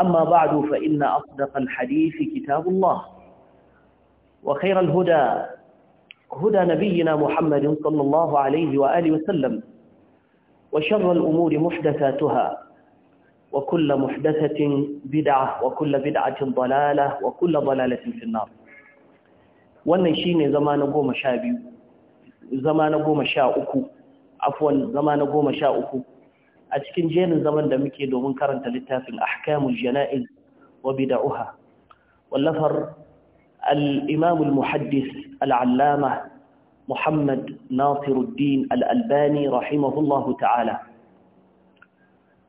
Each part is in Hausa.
أما بعد فإن أصدق الحديث كتاب الله وخير الهدى هدى نبينا محمد صلى الله عليه وآله وسلم وشر الأمور محدثاتها وكل محدثة بدعة وكل بدعة ضلالة وكل ضلالة في النار wannan زمان zama na زمان sha biyu zama عفوا زمان sha uku a cikin jerin zaman da muke domin karanta littafin ahkamul jana'iz wa bid'aha wallafar al-imam al-muhaddis al-allama Muhammad Nasiruddin al-Albani rahimahullahu ta'ala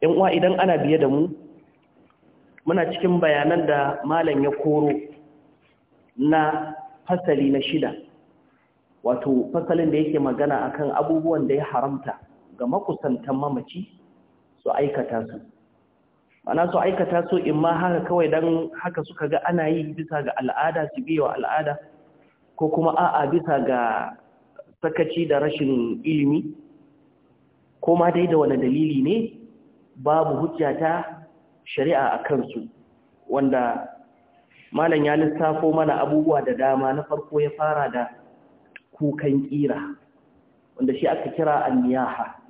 in uwa idan ana biye da mu muna cikin bayanan da malam ya koro na fasali na shida wato fasalin da yake magana akan abubuwan da ya haramta ga makusantan mamaci su aikata su mana su aikata su in ma haka kawai don haka suka ga ana yi bisa ga al'ada su biya al'ada ko kuma a'a bisa ga sakaci da rashin ilimi ko ma dai da wani dalili ne babu hujja ta shari'a a kansu wanda malam ya lissafo mana abubuwa da dama na farko ya fara da kukan kira wanda shi aka kira niyaha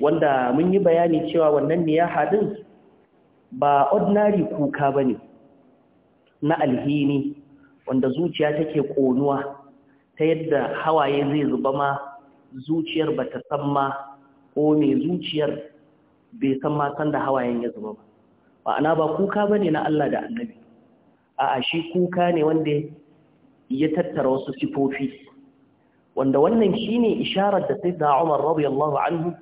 wanda mun yi bayani cewa wannan ne ya din ba ordinary kuka ba ne na alhini wanda zuciya take konuwa ta yadda hawaye zai zuba ma zuciyar bata san ma ko mai zuciyar bai san ma san da hawayen ya zuba ba ma'ana ba kuka ba ne na Allah da Annabi a'a shi kuka ne wanda ya tattara wasu sifofi wanda wannan shi ne isharar da sai da Umar radiyallahu anhu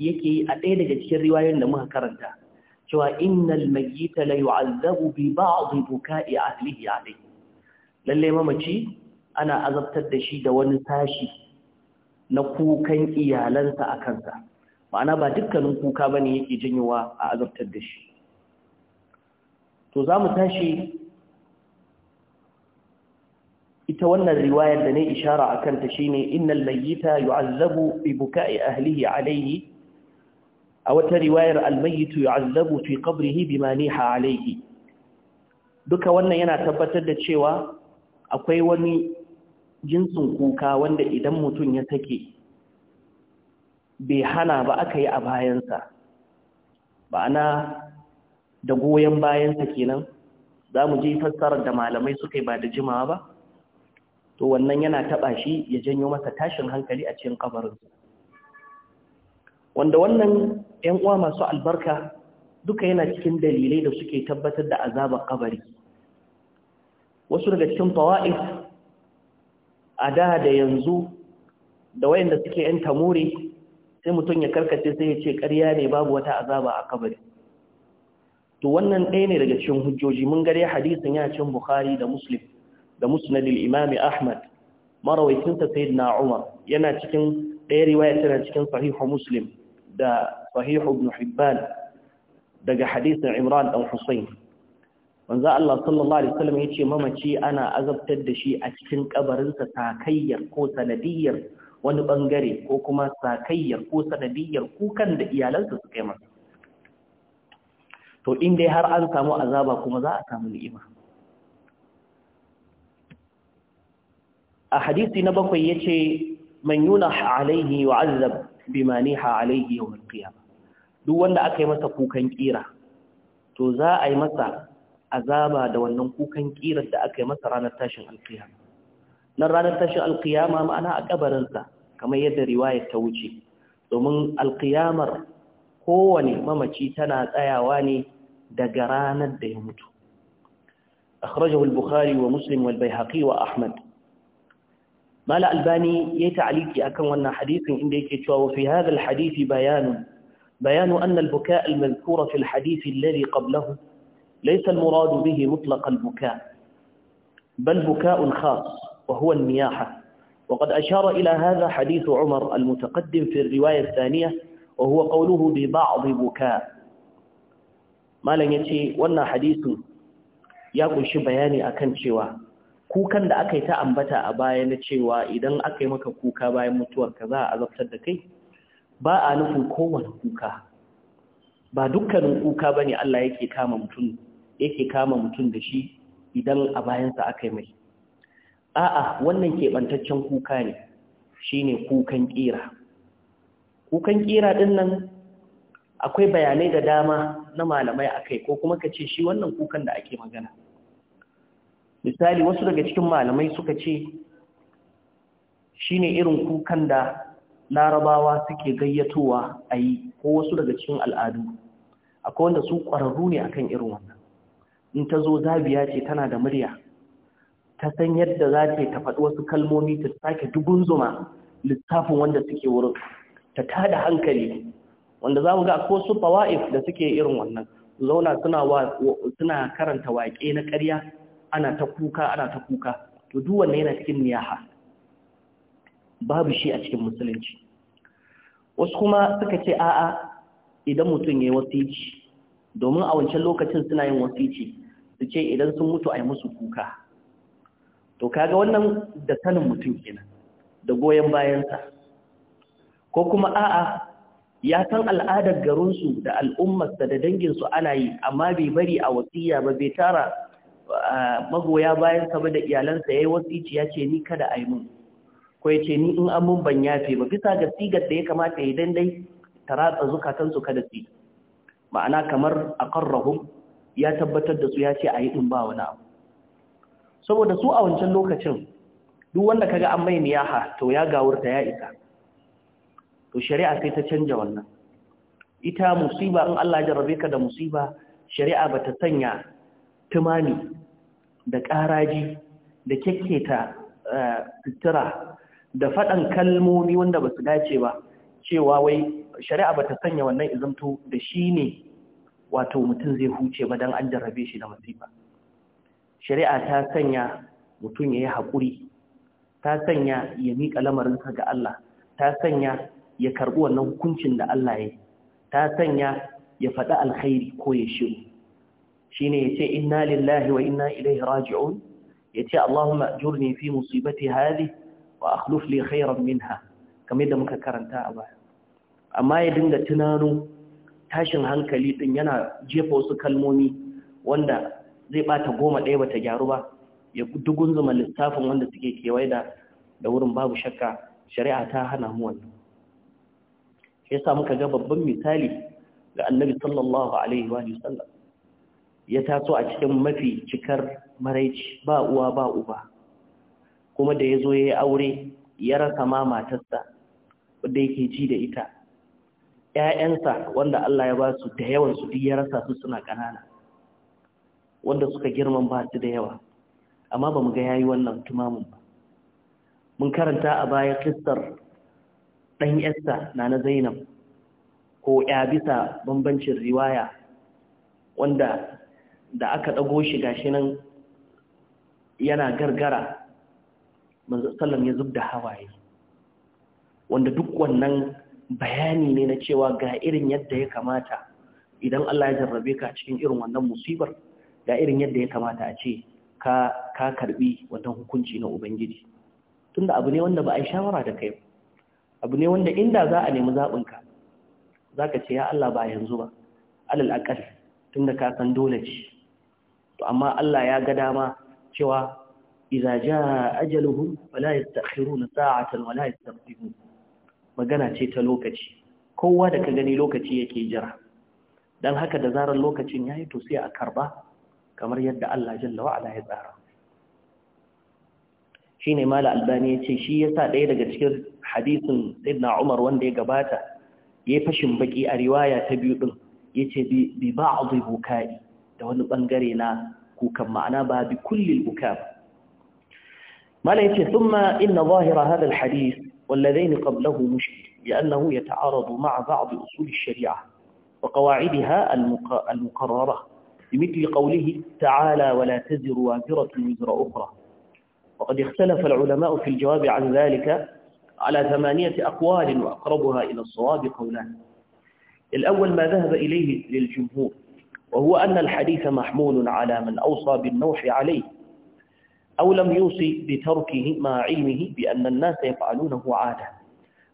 yake yi a ɗaya daga cikin riwayoyin da muka karanta cewa innal mayyita la yu'azzabu bi ba'd buka'i ahlihi alayhi lalle mamaci ana azabtar da shi da wani tashi na kukan iyalansa a kansa ma'ana ba dukkanin kuka bane yake janyowa a azabtar da shi to za mu tashi ita wannan riwayar da ne ishara a kanta shine innal mayyita yu'azzabu bi buka'i ahlihi alayhi a wata riwayar almayitu Azabu fi qabrihi bima niha alaihi duka wannan yana tabbatar da cewa akwai wani jinsin kuka wanda idan mutum ya take bai hana ba aka yi a bayansa ba'ana da goyon bayansa kenan za mu je fassarar da malamai suka yi ba da jimawa ba to wannan yana taɓa shi ya janyo masa tashin hankali a cikin ƙabarinsa wanda wannan ‘yan uwa masu albarka duka yana cikin dalilai da suke tabbatar da azabar kabari wasu daga cikin fawa'id a da da yanzu da wayanda suke ‘yan tamuri sai mutum ya karkace sai ya ce karya ne babu wata azaba a kabari to wannan ɗaya ne daga cikin hujjoji mun gare hadisin ya cin bukhari da muslim da musnadil imami ahmad marawaitinsa sayyidina umar yana cikin ɗaya riwaya tana cikin sahihu muslim da sahih ibn hibban daga hadisin imran dan husayn manzo Allah sallallahu alaihi wasallam yace mamaci ana azabtar da shi a cikin kabarinsa sakayyar ko sanadiyar wani bangare ko kuma sakayyar ko sanadiyar kukan da iyalansa suka yi masa to in dai har an samu azaba kuma za a samu ni'ima a hadisi na bakwai yace man yunah alaihi wa bima niha alayhi yawm al duk wanda aka yi masa kukan kira to za a yi masa azaba da wannan kukan kirar da aka yi masa ranar tashin alkiyama nan ranar tashin alkiyama ma'ana a kabarinsa kamar yadda riwayar ta wuce domin alkiyamar kowane mamaci tana tsayawa ne daga ranar da ya mutu akhrajahu al-bukhari wa muslim wal bayhaqi wa ahmad ما الألباني يتعليك أكم أن حديث إنديك وفي هذا الحديث بيان بيان أن البكاء المذكور في الحديث الذي قبله ليس المراد به مطلق البكاء بل بكاء خاص وهو المياحة وقد أشار إلى هذا حديث عمر المتقدم في الرواية الثانية وهو قوله ببعض بكاء ما لن يتي وأن حديث يقول شبياني أكن شواه kukan da aka yi ta ambata a baya na cewa idan aka yi maka kuka bayan mutuwar ka za a azabtar da kai ba a nufin kowane kuka ba dukkanin kuka ba ne Allah yake kama mutum yake kama mutum da shi idan a bayansa aka yi mai a'a wannan keɓantaccen kuka ne shine kukan ƙira kukan ƙira ɗin nan akwai bayanai da dama na malamai akai ko kuma ka ce shi wannan kukan da ake magana misali wasu daga cikin malamai suka ce shine irin kukan da larabawa suke gayyatowa a yi ko wasu daga cikin al'adu akwai wanda su ƙwararru ne akan irin wannan in ta zo zabiya ce tana da murya ta san yadda za ta ta faɗi wasu kalmomi ta sake dubun zuma littafin wanda suke wurin ta tada hankali wanda za mu ga akwai su fawa'if da suke irin wannan zauna suna karanta waƙe na ƙarya ana ta kuka ana ta kuka to duk wannan yana cikin niyaha babu shi a cikin musulunci wasu kuma suka ce a'a idan mutum ya yi wasici domin a wancan lokacin suna yin wasici su ce idan sun mutu a yi musu kuka to kaga wannan da sanin mutum kenan da goyon bayansa ko kuma a'a ya san al'adar garinsu da al'ummarsa da danginsu ana yi amma bai bari a wasiya ba bai tara magoya bayan sa da iyalansa ya yi wasici ya ce ni kada yi mun ko ya ce ni in an mun ban yafe ba bisa ga sigar da ya kamata ya dai ta ratsa kada su ma'ana kamar a aqarrahum ya tabbatar da su ya ce yi in ba wani abu saboda su a wancan lokacin duk wanda kaga an mai niyaha to ya gawurta ya isa to shari'a sai ta canja wannan ita musiba in Allah ya jarrabe ka da musiba shari'a bata sanya tumani da ƙaraji da kyakketa eh, sutura da faɗan kalmomi wanda ba su dace ba cewa wai shari'a ba ta sanya wannan izinto da shi ne wato mutum zai huce ba don an jarrabe shi da masifa shari'a ta sanya mutum ya yi haƙuri ta sanya ya miƙa lamarinsa ga Allah ta sanya ya karɓi wannan hukuncin da Allah ya yi ta sanya ya faɗi alkhairi ko ya shiru shine ce, inna lillahi wa inna ilaihi raji'un yace Allahumma ajurni fi musibati hadhi wa akhlif li khayran minha kamar da muka karanta a baya amma ya dinga tunano tashin hankali din yana jefa wasu kalmomi wanda zai bata goma ɗaya bata gyaru ba ya dugun zuma lissafin wanda suke kewaye da da wurin babu shakka shari'a ta hana mu wannan shi muka ga babban misali ga annabi sallallahu alaihi wa sallam ya taso a cikin mafi cikar maraici ba uwa ba uba kuma da ya zo ya yi aure ya rasa ma matarsa wadda yake ji da ita ‘ya'yansa wanda Allah ya ba su da yawan su ya rasa su suna ƙanana wanda suka girman ba su da yawa amma ba mu ga yi wannan tumamin ba mun karanta a baya kistar ɗan yasta na na zainab ko ya bisa bambancin riwaya wanda da aka ɗago shi gashi nan yana gargara sallam ya zub da hawaye wanda duk wannan bayani ne na cewa ga irin yadda ya kamata idan Allah ya jarrabe ka cikin irin wannan musibar ga irin yadda ya kamata a ce ka ka karbi wannan hukunci na ubangiji tunda abu ne wanda ba a yi shawara da kai abu ne wanda inda za a nemi Za ka zaka ce ya Allah ba yanzu ba alal aqal tunda ka san dole ce to amma Allah ya ga dama cewa idza jaa ajaluhum fala yastakhiruna sa'atan wala yastaqdimu magana ce ta lokaci kowa da ka gani lokaci yake jira dan haka da zarar lokacin yayi to sai a karba kamar yadda Allah jalla wa ala ya tsara shine mala albani yace shi yasa ɗaya daga cikin hadisin sayyidina Umar wanda ya gabata yayi fashin baki a riwaya ta biyu din yace bi ba'dhi bukai da wani bangare na kukan ma'ana ba bi kulli buka mala yace thumma inna zahira hadha alhadith والذين قبله مشكل لأنه يتعارض مع بعض أصول الشريعة وقواعدها المقررة بمثل قوله تعالى ولا تزر وازرة وزر أخرى وقد اختلف العلماء في الجواب عن ذلك على ثمانية أقوال وأقربها إلى الصواب قولان الأول ما ذهب إليه للجمهور وهو أن الحديث محمول على من أوصى بالنوح عليه أو لم يوصي بتركه مع علمه بأن الناس يفعلونه عادة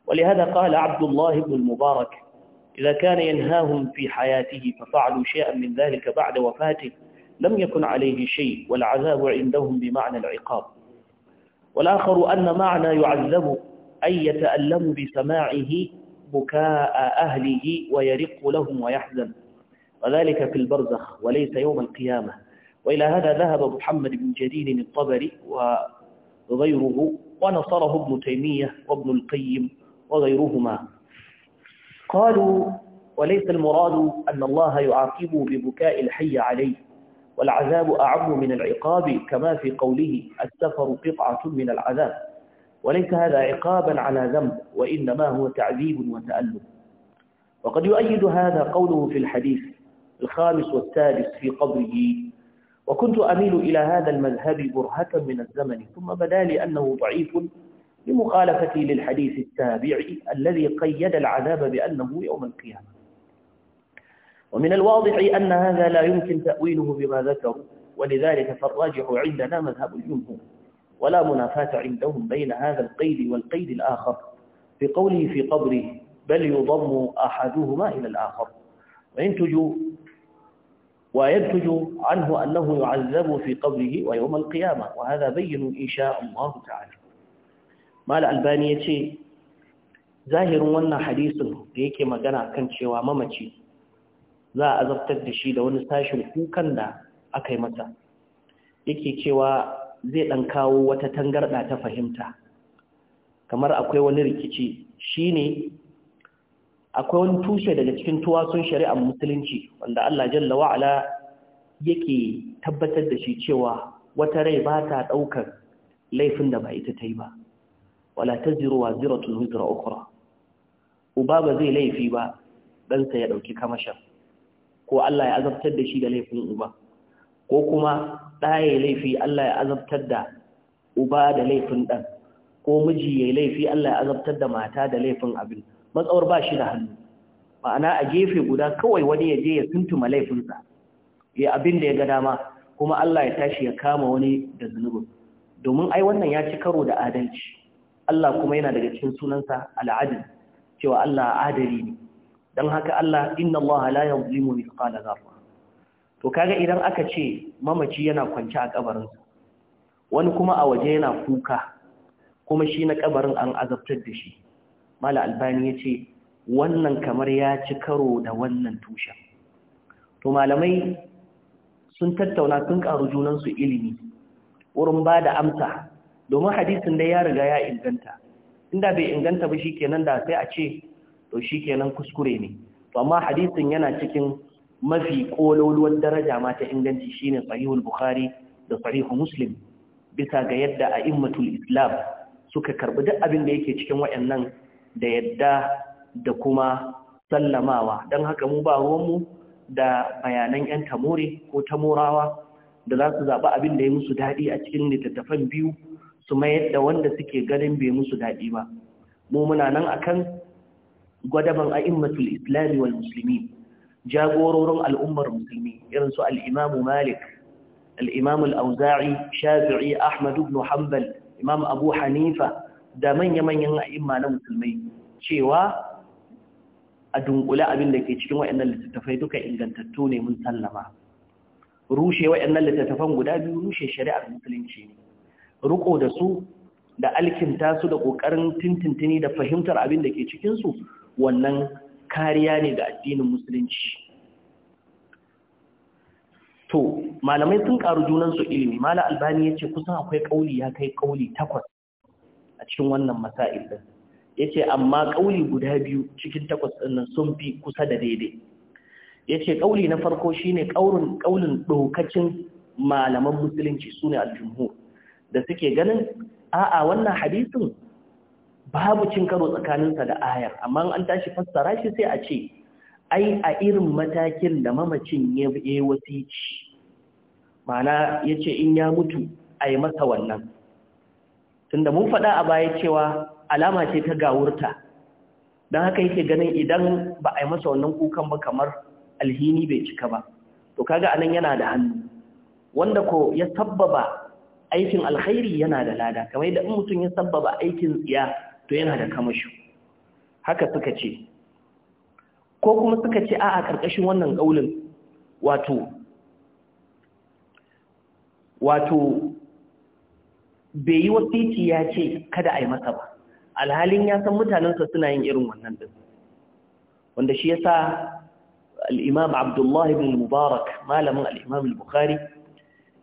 ولهذا قال عبد الله بن المبارك إذا كان ينهاهم في حياته ففعلوا شيئا من ذلك بعد وفاته لم يكن عليه شيء والعذاب عندهم بمعنى العقاب والآخر أن معنى يعذب أي يتألم بسماعه بكاء أهله ويرق لهم ويحزن وذلك في البرزخ وليس يوم القيامة وإلى هذا ذهب محمد بن جديد الطبري وغيره ونصره ابن تيمية وابن القيم وغيرهما قالوا وليس المراد أن الله يعاقبه ببكاء الحي عليه والعذاب أعم من العقاب كما في قوله السفر قطعة من العذاب وليس هذا عقابا على ذنب وإنما هو تعذيب وتألم وقد يؤيد هذا قوله في الحديث الخامس والسادس في قبره وكنت أميل إلى هذا المذهب برهة من الزمن ثم بدا لي أنه ضعيف لمخالفتي للحديث التابع الذي قيد العذاب بأنه يوم القيامة ومن الواضح أن هذا لا يمكن تأويله بما ذكروا ولذلك فالراجح عندنا مذهب الجمهور ولا منافاة عندهم بين هذا القيد والقيد الآخر في قوله في قبره بل يضم أحدهما إلى الآخر وينتج وينتج عنه أنه يعذب في قبره ويوم القيامة وهذا بين إن شاء الله تعالى ما الألبانية شيء ظاهر وانا حديث ديكي مغانا كان شوى ممتي لا أزبتد دشي لو نستاشم كوكان دا أكي متى yake cewa zai ɗan kawo wata tangarɗa ta fahimta kamar akwai wani rikici shine akwai wani tushe daga cikin tuwasun shari'ar musulunci wanda Allah jalla wa'ala yake tabbatar da shi cewa wata rai ba ta ɗaukar laifin da ba ita ta yi ba wala ta zirowa ziratun hujjira ukura uba ba zai laifi ba ɗansa ya ɗauki kamashin ko Allah ya azabtar da shi da laifin uba ko kuma ɗaya laifi Allah ya azabtar da uba da laifin ɗan ko miji ya laifi Allah ya azabtar da mata da laifin abin matsawar ba shi da hannu ma'ana a gefe guda kawai wani ya je ya tuntuma laifinsa ya abin da ya ga dama kuma Allah ya tashi ya kama wani da zunubin domin ai wannan ya ci karo da adalci Allah kuma yana daga cikin sunansa al'adil cewa Allah adali ne don haka Allah inna Allah la yuzlimu mithqala dharra to kaga idan aka ce mamaci yana kwance a kabarinsa wani kuma a waje yana kuka kuma shi na kabarin an azabtar da shi mala albani ya ce wannan kamar ya ci karo da wannan tushen to malamai sun tattauna sun ƙaru junansu ilimi wurin ba da amsa domin hadisin da ya riga ya inganta inda bai inganta ba shikenan da sai a ce to shikenan kuskure ne to amma hadisin yana cikin mafi kololuwar daraja ma ta inganci shine sahihul bukhari da sahihu muslim bisa ga yadda a'immatul islam suka karɓi duk abin da yake cikin wayannan da yadda da kuma sallamawa don haka mu ba ruwanmu da bayanan 'yan tamore ko tamorawa da za su zaɓi abin da ya musu daɗi a cikin littattafan biyu su mayar da wanda suke ganin bai musu daɗi ba mu muna nan akan gwadaban a'immatul islami wal musulmi jagororin al'ummar musulmi irin su al'imamu malik al'imamu al'auza'i shafi'i ahmadu ibn hanbal imam abu hanifa da manya-manyan a'imma na musulmai cewa a dunkule abin da ke cikin waɗannan littattafai duka ingantattu ne mun sallama rushe waɗannan littattafan guda biyu rushe shari'ar musulunci ne riko da su da alkinta su da ƙoƙarin tintintini da fahimtar abin da ke cikin su wannan kariya ne ga addinin musulunci to malamai sun karu junansu ilimi Malam albani ya ce kusan akwai ƙauli ya kai ƙauli takwas a cikin wannan masail din yace amma kauli guda biyu cikin takwas din sun fi kusa da daidai yace kauli na farko shine kaurin kaulin dokacin malaman musulunci sune al-jumhur da suke ganin a'a wannan hadisin babu cin karo tsakanin sa da ayar amma an tashi fassara shi sai a ce ai a irin matakin da mamacin ya yi wasici mana yace in ya mutu ai masa wannan tunda mun faɗa a baya cewa alama ce ta gawurta don haka yake ganin idan ba a yi masa wannan kukan ba kamar alhini bai cika ba to kaga anan yana da hannu wanda ko ya sabbaba aikin alkhairi yana da lada kamar yadda in mutum ya sabbaba aikin tsiya to yana da kamashi haka suka ce ko kuma suka ce a a ƙarƙashin wannan ƙaulin wato wato bai yi wasiti ya ce kada a yi masa ba alhalin ya san mutanensa suna yin irin wannan din wanda shi yasa al-Imam Abdullahi bin Mubarak malamin al-Imam al-Bukhari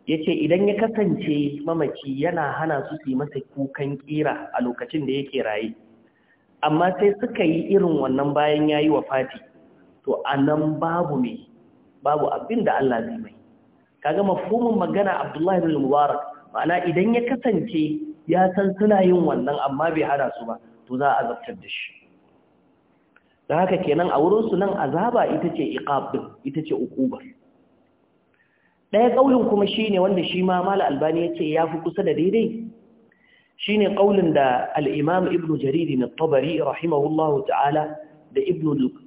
yace idan ya kasance mamaci yana hana su su yi masa kukan kira a lokacin da yake raye amma sai suka yi irin wannan bayan yayi wafati to anan babu me babu abin da Allah zai mai kaga mafhumin magana Abdullahi bin Mubarak ma'ana idan ya kasance ya san suna yin wannan amma bai hana su ba to za a azabtar da shi da haka kenan a wurinsu nan azaba ita ce iqabin ita ce ukubar ɗaya ƙaulin kuma shi ne wanda shi ma mala albani ya ce ya fi kusa da daidai shi ne ƙaunin da al'imam ibn jariri na tabari rahimahullahu ta'ala da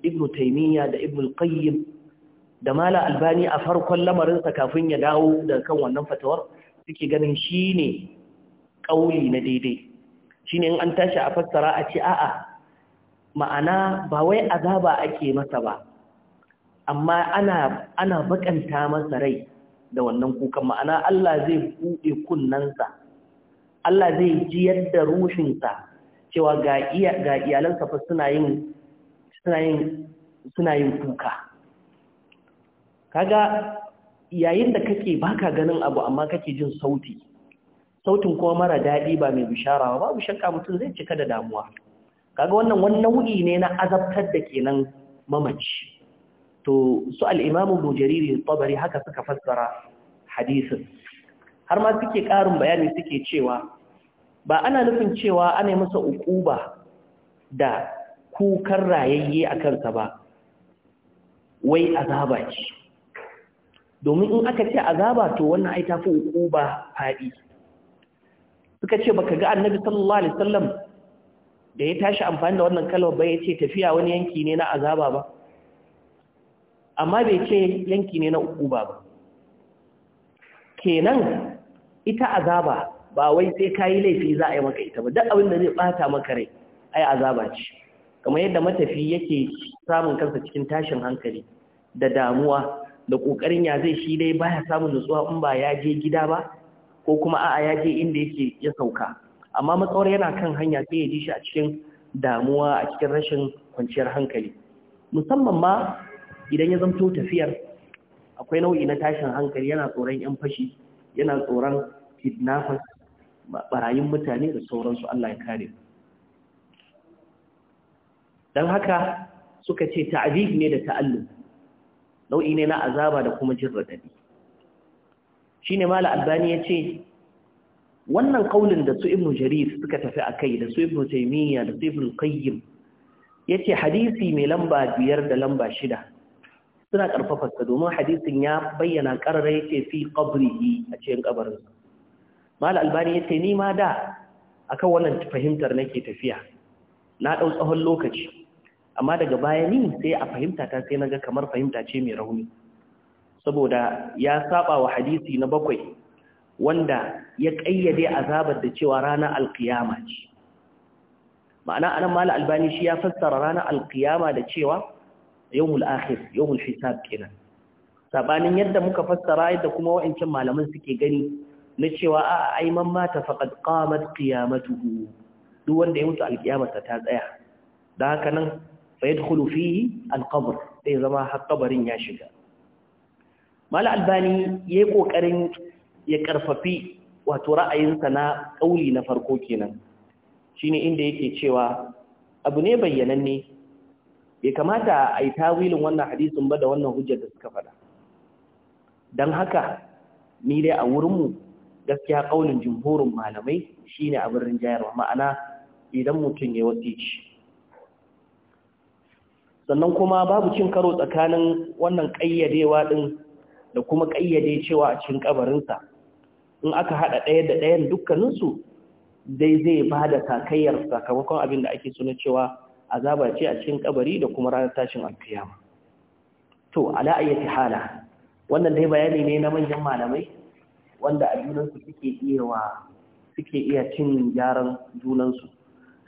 ibn taimiyya da ibn qayyim da mala albani a farkon lamarinsa kafin ya dawo da kan wannan fatawar suke ganin shi ne ƙauli na daidai shi ne an tashi a fassara a ce a'a ma'ana ba wai azaba ake masa ba amma ana ana bakanta masa rai da wannan kukan ma'ana Allah zai buɗe kunnansa Allah zai ji yadda rushinsa cewa ga iyalansa fa suna yin suna yin kuka kaga yayin da kake baka ganin abu amma kake jin sauti sautin kuma mara daɗi ba mai bishara ba babu shakka mutum zai cika da damuwa kaga wannan wani nau'i ne na azabtar da kenan mamaci to su al-imamu bujariri tabari haka suka fassara hadisin har ma suke ƙarin bayani suke cewa ba ana nufin cewa ana masa ukuba da kukan rayayye a kansa ba wai azaba ce domin in aka ce azaba to wannan ai tafi uquba fadi suka ce baka ga annabi sallallahu alaihi wasallam da ya tashi amfani da wannan kalmar ba yace tafiya wani yanki ne na azaba ba amma bai ce yanki ne na uquba ba kenan ita azaba ba wai sai kayi laifi za a yi maka ita ba duk abin da zai bata maka rai ai azaba ce kamar yadda matafi yake samun kansa cikin tashin hankali da damuwa da ƙoƙarin ya zai shi dai baya samun nutsuwa in ba ya je gida ba ko kuma a'a ya je inda yake ya sauka amma matsawar yana kan hanya sai ya ji shi a cikin damuwa a cikin rashin kwanciyar hankali musamman ma idan ya zamto tafiyar akwai nau'i na tashin hankali yana tsoron yan fashi yana tsoron kidnappers barayin mutane da sauransu Allah ya kare don haka suka ce ta'adif ne da ta'allum nau'i ne na azaba da kuma jin radadi shine mala albani yace wannan kaulin da su ibnu jarir suka tafi kai da su ibnu da su ibnu ya yace hadisi mai lamba biyar da lamba shida suna karfafa sa domin hadisin ya bayyana karara ce fi qabrihi a cikin ƙabarinsa. mala albani yace ni ma da akan wannan fahimtar nake tafiya na ɗau tsawon lokaci amma daga baya ni sai a fahimta ta sai naga kamar fahimta ce mai rauni saboda ya saba wa hadisi na bakwai wanda ya kayyade azabar da cewa ranar alkiyama ce ma'ana anan mala albani shi ya fassara ranar alkiyama da cewa yawmul akhir yawmul hisab kenan sabanin yadda muka fassara yadda kuma wa'ancan malaman suke gani na cewa a ai man mata faqad qamat qiyamatuhu duk wanda ya mutu alkiyama ta tsaya da haka nan fa yadkhulu fihi sai zama har kabarin ya shiga mala albani yayi kokarin ya karfafi wato ra'ayinsa na kauli na farko kenan shine inda yake cewa abu ne bayyananne bai kamata a yi tawilin wannan hadisin ba da wannan hujjar da suka faɗa don haka ni dai a wurinmu gaskiya ƙaunin jimhurin malamai shine abin rinjayarwa ma'ana idan mutum ya wasici sannan kuma babu cin karo tsakanin wannan ƙayyadewa ɗin da kuma ƙayyade cewa a cikin ƙabarinsa in aka haɗa ɗaya da ɗayan dukkaninsu dai zai ba da takayyar sakamakon abin da ake suna cewa azaba ce a cikin kabari da kuma ranar tashin alkiyama to ala ayyati hala wannan dai bayani ne na manyan malamai wanda a junansu suke iya wa suke iya cin gyaran junansu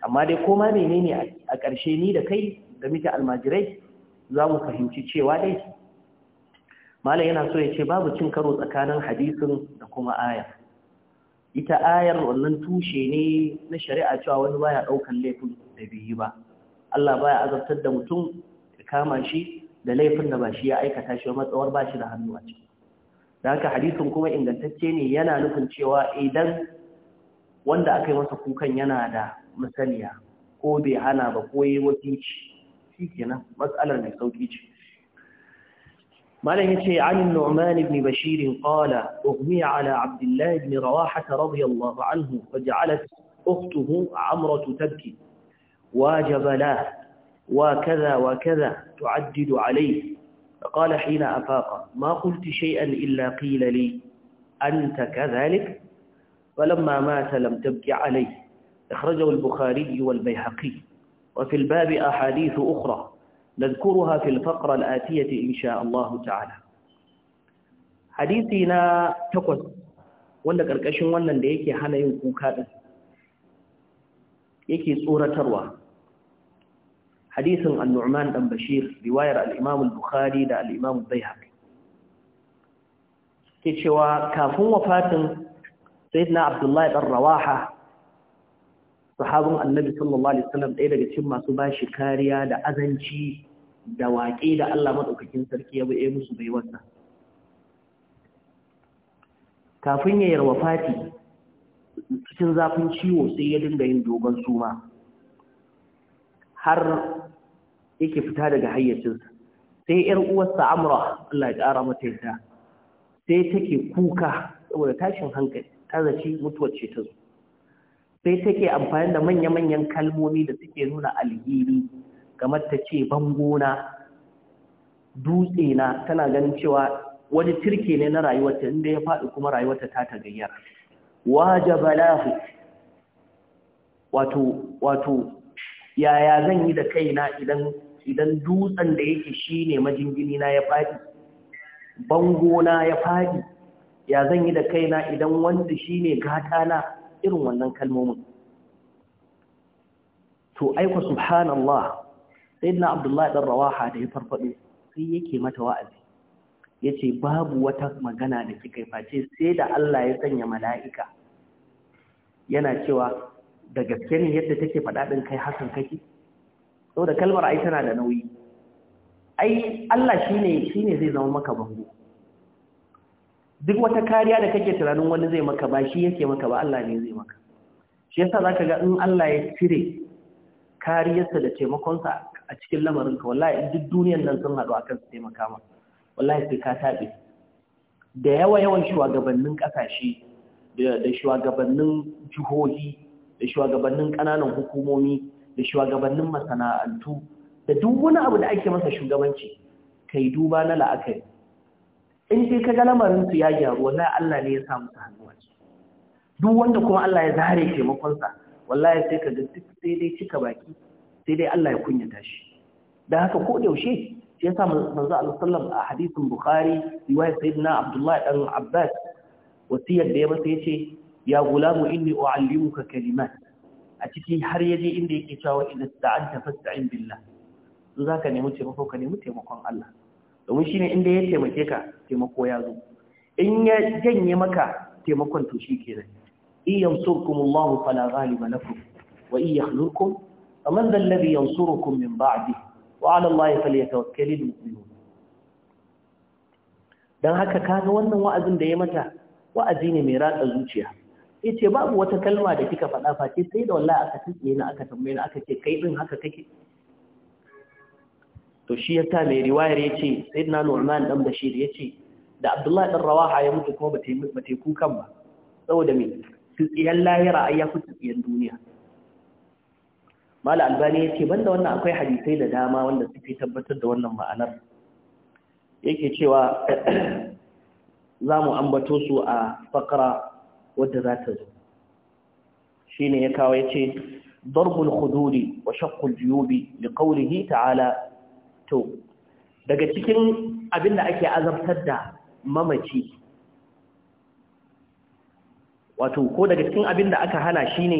amma dai koma menene a ƙarshe ni da kai da muke almajirai za mu fahimci cewa dai malam yana so ya ce babu cin karo tsakanin hadisin da kuma aya ita ayar wannan tushe ne na shari'a cewa wani baya daukan laifin da biyi ba Allah baya azabtar da mutum ya kama shi da laifin da ba shi ya aikata shi matsawar ba shi da hannu a cikin da haka hadisin kuma ingantacce ne yana nufin cewa idan wanda aka yi masa kukan yana da musaniya ko bai hana ba ko yi wakilci shi kenan matsalar mai sauki ce malam yace an Nu'man ibn Bashir qala ughmiya ala Abdullah ibn Rawaha radiyallahu anhu waj'alat ukhtuhu Amra tabki واجب له وكذا وكذا تعدد عليه فقال حين أفاق ما قلت شيئا إلا قيل لي أنت كذلك فلما مات لم تبك عليه اخرجه البخاري والبيهقي وفي الباب أحاديث أخرى نذكرها في الفقرة الآتية إن شاء الله تعالى حديثنا تقص wanda ƙarƙashin wannan da yake hana yin kuka ɗin yake tsoratarwa hadisin annu'man ɗan bashir riwayar al'imam al-bukhari da al'imam bayhaq ke cewa kafin wafatin sayyidina abdullahi ɗan rawaha sahabin annabi sallallahu alaihi wasallam ɗaya daga cikin masu bashi kariya da azanci da waƙe da Allah madaukakin sarki ya bai musu bai wannan kafin ya yarwa fati cikin zafin ciwo sai ya dinga yin dogon suma har yake fita daga hayyacinsa sai ‘yar uwarsa amra Allah ya ƙara mata yadda sai take kuka saboda tashin hankali ta zaci mutuwar ce ta zo sai take amfani da manya-manyan kalmomi da suke nuna alheri kamar ta ce bangona dutse na tana ganin cewa wani turke ne na rayuwarta inda ya faɗi kuma rayuwarta ta ta gayyar. gayyara wajabalahu wato wato yaya zan yi da kaina idan idan dutsen da yake shine majingini na ya faɗi Bangona ya faɗi ya zan yi da kaina idan wanda shine gata na irin wannan kalmomin to aiko subhanallah sayyidina abdullahi dan rawaha da ya farfado sai yake mata wa'azi yace babu wata magana da kika face sai da Allah ya sanya mala'ika yana cewa da gaske ne yadda take faɗa din kai hakan kake saboda kalmar ai tana da nauyi ai Allah shine shine zai zama maka bango duk wata kariya da kake tunanin wani zai maka ba shi yake maka ba Allah ne zai maka shi yasa zaka ga in Allah ya cire kariyarsa da taimakonsa a cikin lamarinka wallahi duk duniyar nan sun haɗu akan su taimaka ma wallahi sai ka tabe da yawa yawan shugabannin kasashe da shugabannin jihohi da shugabannin ƙananan hukumomi da shugabannin masana'antu da duk wani abu da ake masa shugabanci kai duba na la'akari in dai ka ga lamarin su ya gyaru wallahi Allah ne ya sa musu hannu a duk wanda kuma Allah ya zare taimakon sa wallahi sai ka ga duk sai dai cika baki sai dai Allah ya kunyata shi dan haka ko yaushe shi yasa manzo Allah sallallahu a hadisin Bukhari riwayat sayyidina Abdullah dan Abbas wasiyar da ya masa yace ya gulamu inni uallimuka kalimat a ciki har yaje inda yake cewa idan ta'anta fasta'in billah zaka nemi taimako ka nemi taimakon Allah domin shine inda ya taimake ka taimako ya zo in ya janye maka taimakon to shi kenan in yansurkumullahu fala ghaliba lakum wa in yakhzurkum faman dhal ladhi yansurukum min ba'di wa 'ala allahi falyatawakkalul mu'minun dan haka kaga wannan wa'azin da ya mata wa'azi ne mai ratsa zuciya yace babu wata kalma da kika faɗa face sai da wallahi aka tsiye ni aka tambaye ni aka ce kai din haka kake to shi ya ta mai riwayar ya ce sai na nu'man dan bashir ya ce da abdullahi dan rawaha ya mutu kuma ba ta kukan ba saboda mai tsitsiyar lahira a ya duniya mala albani ya ce banda wannan akwai hadisai da dama wanda suke tabbatar da wannan ma'anar yake cewa za mu ambato su a fakara wadda za ta zo shi ne ya kawo ya ce ضرب الخدود وشق الجيوب لقوله تعالى to daga cikin abin da ake azabtar da mamaci wato ko daga cikin abin da aka hana shi ne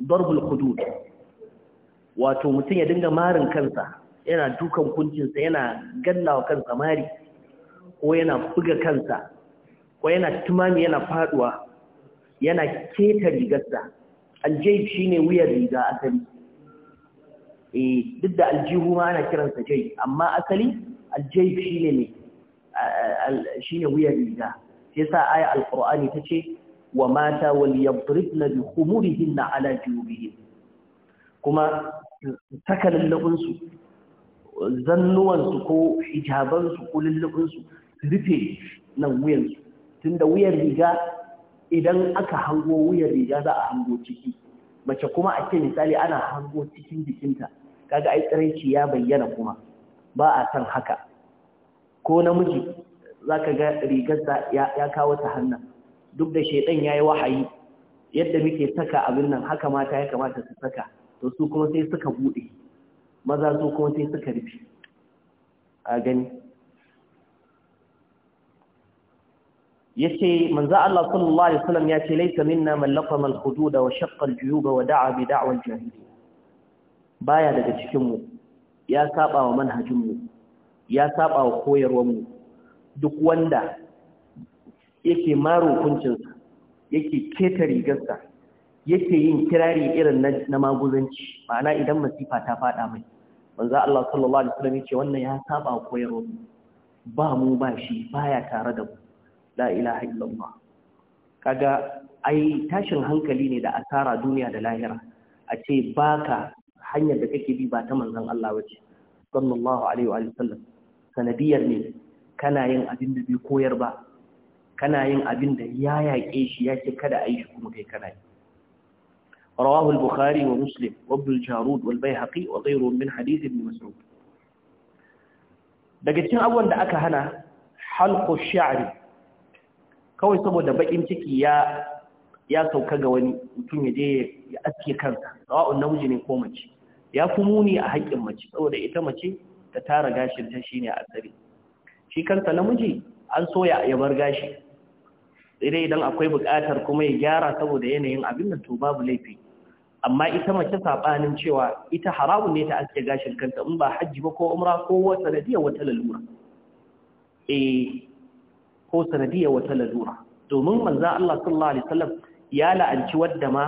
darbul hudud wato mutum ya dinga marin kansa yana dukan kuncinsa yana gallawa kansa mari ko yana buga kansa ko yana tumami yana faduwa yana keta rigarsa shi shine wuyar riga asali eh duk da aljihu ma ana kiransa jai amma asali aljai shine ne shine wuyar riga sai sa aya ta tace wa mata wal yadribna bi khumurihinna ala jubihin kuma saka lallabin su ko hijabansu ko su rufe nan wuyansu tun tunda wuyar riga idan aka hango wuyar riga za a hango ciki mace kuma a ce misali ana hango cikin jikinta kaga ai tsiraici ya bayyana kuma ba a san haka ko namiji zaka ga rigarsa ya kawo ta hannun duk da shedan yayi wahayi yadda muke saka abin nan haka mata ya kamata su saka to su kuma sai suka bude maza su kuma sai suka rufe a gani yace manzo Allah sallallahu alaihi wasallam yace laysa minna man laqama al-hudud wa shaqqa al wa da'a bi da'wa al-jahili baya daga cikin mu ya saba wa manhajin mu ya saba wa koyarwar mu duk wanda yake maro sa yake keta rigarsa yake yin kirari irin na maguzanci ma'ana idan masifa ta fada mai manzo Allah sallallahu alaihi wasallam yace wannan ya saba wa koyarwar mu ba mu ba shi baya tare da mu la ilaha illallah kaga ai tashin hankali ne da asara duniya da lahira a ce baka hanyar da kake bi ba ta manzon Allah wace sallallahu alaihi wa sallam sanadiyar ne kana yin abin da bai koyar ba kana yin abin da ya yaƙe shi ya ce kada a yi shi kuma kai kana yi رواه البخاري ومسلم وابن الجارود والبيهقي وغيرهم من حديث ابن مسعود daga cikin abubuwan da aka hana halqu shi'ri kawai saboda bakin ciki ya ya sauka ga wani mutum ya je ya aske kansa sawa'un namiji ne ko mace ya fi muni a haƙƙin mace saboda ita mace ta tara gashin ta shine tsari shi kansa namiji an soya ya bar gashi dai idan akwai buƙatar kuma ya gyara saboda yanayin abin da to babu laifi amma ita mace sabanin cewa ita haramun ne ta aske gashin kanta in ba hajji ba ko umra ko wata sanadiyar wata lalura eh ko sanadiyar wata lalura domin manzo Allah sallallahu alaihi wasallam ya la'anci wadda ma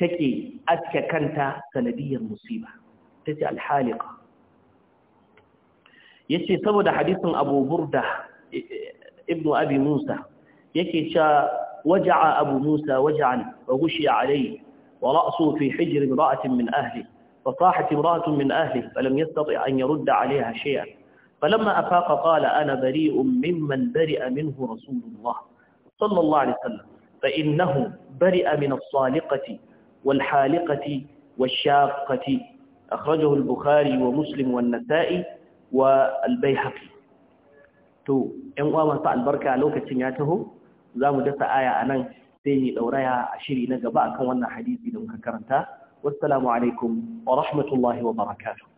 take aske kanta sanadiyar musiba tace al-haliqa yace saboda hadisin Abu Burda ibn Abi Musa yake cewa waja'a Abu Musa waja'an wa gushiya alayhi wa ra'su fi hijr imra'atin min ahli fa sahat imra'atun min ahli falam yastati' an yurda 'alayha shay'an فلما أفاق قال أنا بريء ممن برئ منه رسول الله صلى الله عليه وسلم فإنه برئ من الصالقة والحالقة والشاقة أخرجه البخاري ومسلم والنسائي والبيحقي to ƴan uwa masu albarka lokacin ya taho za mu dasa aya a nan sai ni ɗauraya a shiri na gaba akan wannan hadisi da muka karanta wassalamu wa rahmatullahi wa